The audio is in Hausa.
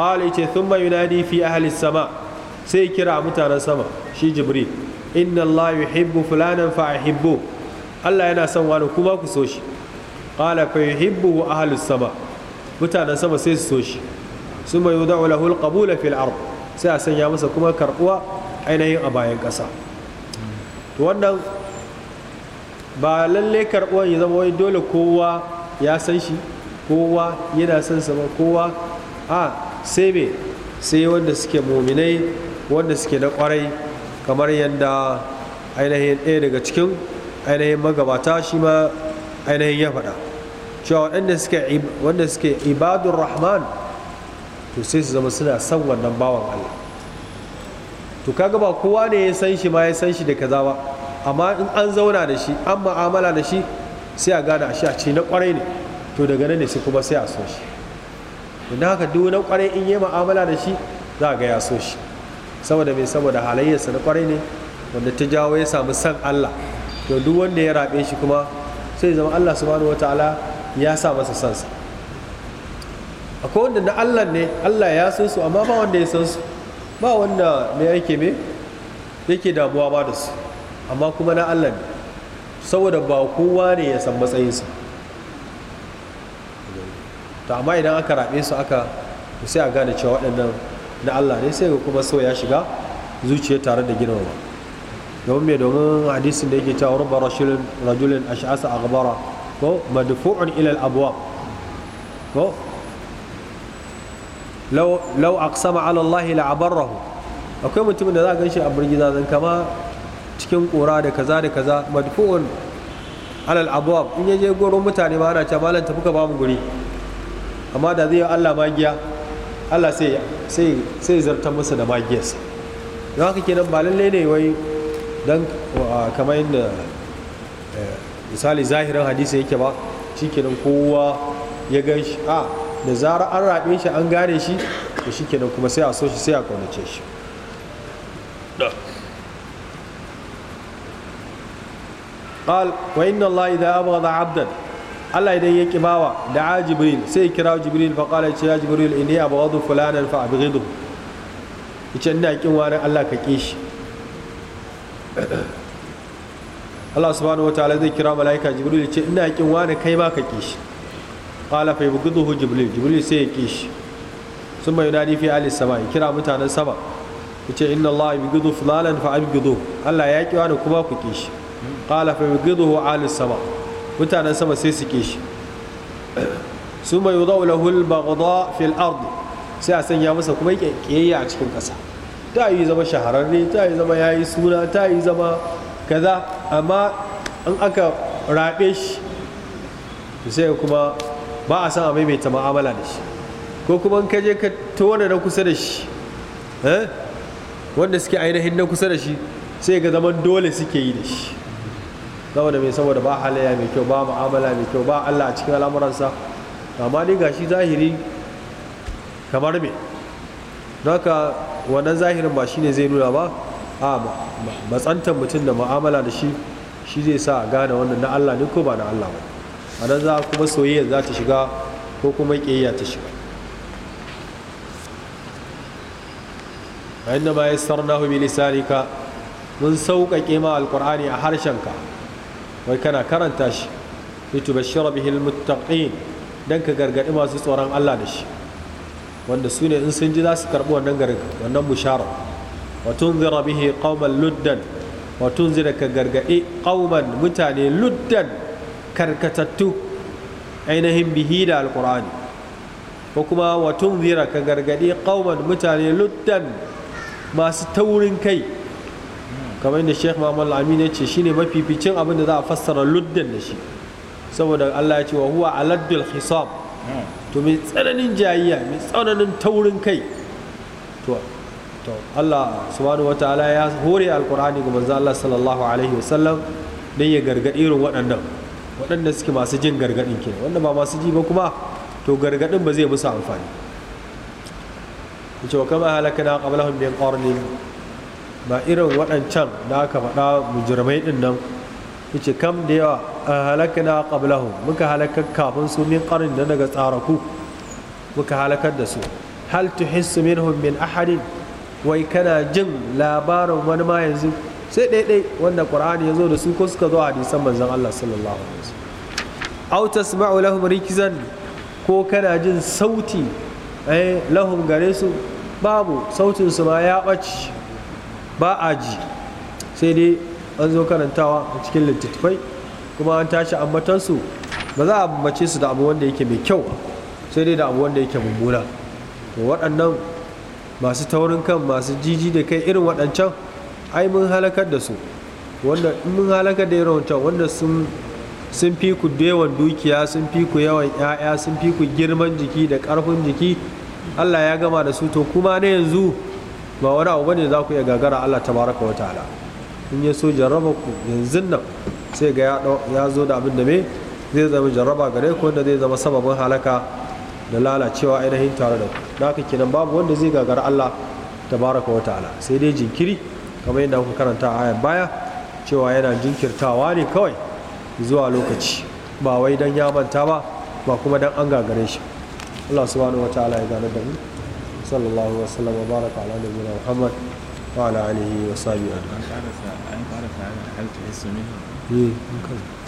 qala yace thumma yunadi fi ahli sama sai kira mutanen sama shi jibril inna allah yuhibbu fulanan fa ahibbu allah yana son wani kuma ku so shi qala fa yuhibbu ahli sama mutanen sama sai su so shi summa yudau lahu alqabula fil ard sai a sanya masa kuma karbuwa ainihin a bayan kasa to wannan ba lalle karbuwan ya zama wai dole kowa ya san shi kowa yana son sa ba kowa a sai me sai wanda suke muminai wanda suke na kwarai kamar yadda ainihin ɗaya daga cikin ainihin magabata shi ma ainihin ya faɗa cewa wanda suke ibadun rahman to sai su zama suna san wannan bawan Allah to kaga ba kowa ne ya san shi ma ya san shi da kaza ba amma in an zauna da shi an ma'amala da shi sai a gane shi a ce na kwarai ne to daga nan ne sai kuma sai a so shi don haka duk na kwarai in yi ma'amala da shi za ga ya so shi saboda mai saboda halayyarsa na kwarai ne wanda ta jawo ya samu san Allah to duk wanda ya rabe shi kuma sai zama Allah subhanahu wataala ya sa masa sansa akwai wanda na Allah ne Allah ya san su amma ba wanda ya san su ba wanda me yake me yake damuwa ba da su amma kuma na Allah ne saboda ba kowa ne ya san matsayinsa to amma idan aka raɓe su aka sai a gane cewa waɗannan na Allah ne sai kuma so ya shiga zuciya tare da girmama domin mai domin hadisin da yake cewa rubba rashulun rajulun a aghbara ko madfu'un ilal al ko lau law aqsama ala Allah la'abarahu akwai mutumin da za a ganshi a birgiza zan kama cikin kora da kaza da kaza madfu'un ala al-abwab in yaje gurin mutane ba ana ta malam tafi ka ba mu guri amma da zai yi Allah magiya Allah sai zartar masa da magiyarsa don haka kenan ba lalle ne wai don kamar yadda eh, misali zahirin hadisi yake ba shi kenan kowa ya gan shi a da zara an raɓe shi an gane shi da shi kenan kuma sai a so shi sai a kaunace shi قال وإن الله إذا أبغض عبدا Allah idan ya kibawa da a Jibril sai kira Jibril fa kala ce ya Jibril inni abghadu fulanan fa abghidu yace ina kin wani Allah ka ki shi Allah subhanahu wataala zai kira malaika Jibril ce ina kin wani kai ma ka ki shi qala fa yabghiduhu Jibril Jibril sai ya ki shi sun bai yunadi fi ahli sama ya kira mutanen sama yace inna Allah yabghidu fulanan fa abghidu Allah ya ki wani kuma ku ki shi qala fa yabghiduhu ahli sama' mutanen sama sai su shi su mai yudau lahul baghdha fil ard sai a sanya masa kuma yi a cikin kasa ta yi zama shahararre ta yi zama yayi suna ta yi zama kaza amma in aka rabe shi sai kuma ba a san a maimaita ma'amala da shi ko kuma in ka je ka tona na kusa da shi eh, wanda suke ainihin na kusa da shi sai ga zaman dole suke yi da shi saboda mai saboda ba halayya mai kyau ba mu'amala mai kyau ba Allah a cikin al'amuransa amma dai gashi zahiri kamar me don haka wannan zahirin ba shine zai nuna ba a matsantar mutum da mu'amala da shi shi zai sa a gane wannan na Allah ne ko ba na Allah ba a nan za kuma soyayya za ta shiga ko kuma ƙiyayya ta shiga a inda ma yassarnahu bi lisanika mun sauƙaƙe ma alƙur'ani a harshenka wai kana karanta shi Fitu litubashshira bihil muttaqin dan ka gargadi masu tsoron Allah da shi wanda su ne in sun ji za su karɓi wannan gargadi wannan bushara wa tunzira bihi qauman luddan wa tunzira ka gargadi qauman mutane luddan karkatattu ainihin bihi da alqur'ani ko kuma wa tunzira ka gargadi qauman mutane luddan masu taurin kai kamar yadda sheikh Muhammadu al-amin ya ce shine mafificin abin da za a fassara luddin da shi saboda allah ya ce wa huwa aladdul hisab to mai tsananin jayayya mai tsananin taurin kai to to allah subhanahu wa ta'ala ya hore alkur'ani ga manzo allah sallallahu alaihi wasallam dan ya gargadi irin waɗannan waɗanda suke masu jin gargadin ke wanda ba masu ji ba kuma to gargadin ba zai musu amfani ce wa kama halakana qablahum min qarnin ba irin waɗancan da aka faɗa mujirmai ɗin nan ce kam da yawa a halakna qablahum muka halakar kafin su min ƙarin da daga tsaraku muka halakar da su hal tuhissu minhum min ahadin wai kana jin labarin wani ma yanzu sai ɗaiɗai wanda ƙur'ani ya zo da su ko suka zo a hadisan manzan Allah sallallahu alaihi wasallam aw tasma'u lahum rikizan ko kana jin sauti eh lahum gare su babu sautin su ma ya ɓaci ba a ji sai dai an zo karantawa a cikin littattafai kuma an tashi ambatansu ba za a bambace su da abu wanda yake mai kyau sai dai da abu wanda yake mummuna waɗannan masu taurin kan masu jiji da kai irin waɗancan ai mun halakar da su wanda mun halakar da irin wancan wanda sun sun fi ku dewan dukiya sun fi ku yawan 'ya'ya sun fi ku girman jiki da ƙarfin jiki allah ya gama da su to kuma na yanzu ba wani abu bane za ku iya gagara Allah tabaraka wa ta'ala in ya so jarraba ku yanzu nan sai ga ya zo da abin da me zai zama jaraba gare ku wanda zai zama sababin halaka da lalacewa ainihin tare da ku da haka kenan babu wanda zai gagara Allah ta baraka wa ta'ala sai dai jinkiri kamar yadda kuka karanta a ayar baya cewa yana jinkirtawa ne kawai zuwa lokaci ba wai dan ya manta ba ba kuma dan an gagare shi Allah subhanahu wa ta'ala ya gane da mu صلى الله وسلم وبارك على نبينا محمد وعلى آله وصحبه أجمعين. أنت عارف أنت عارف هل تحس منها؟ إيه ممكن.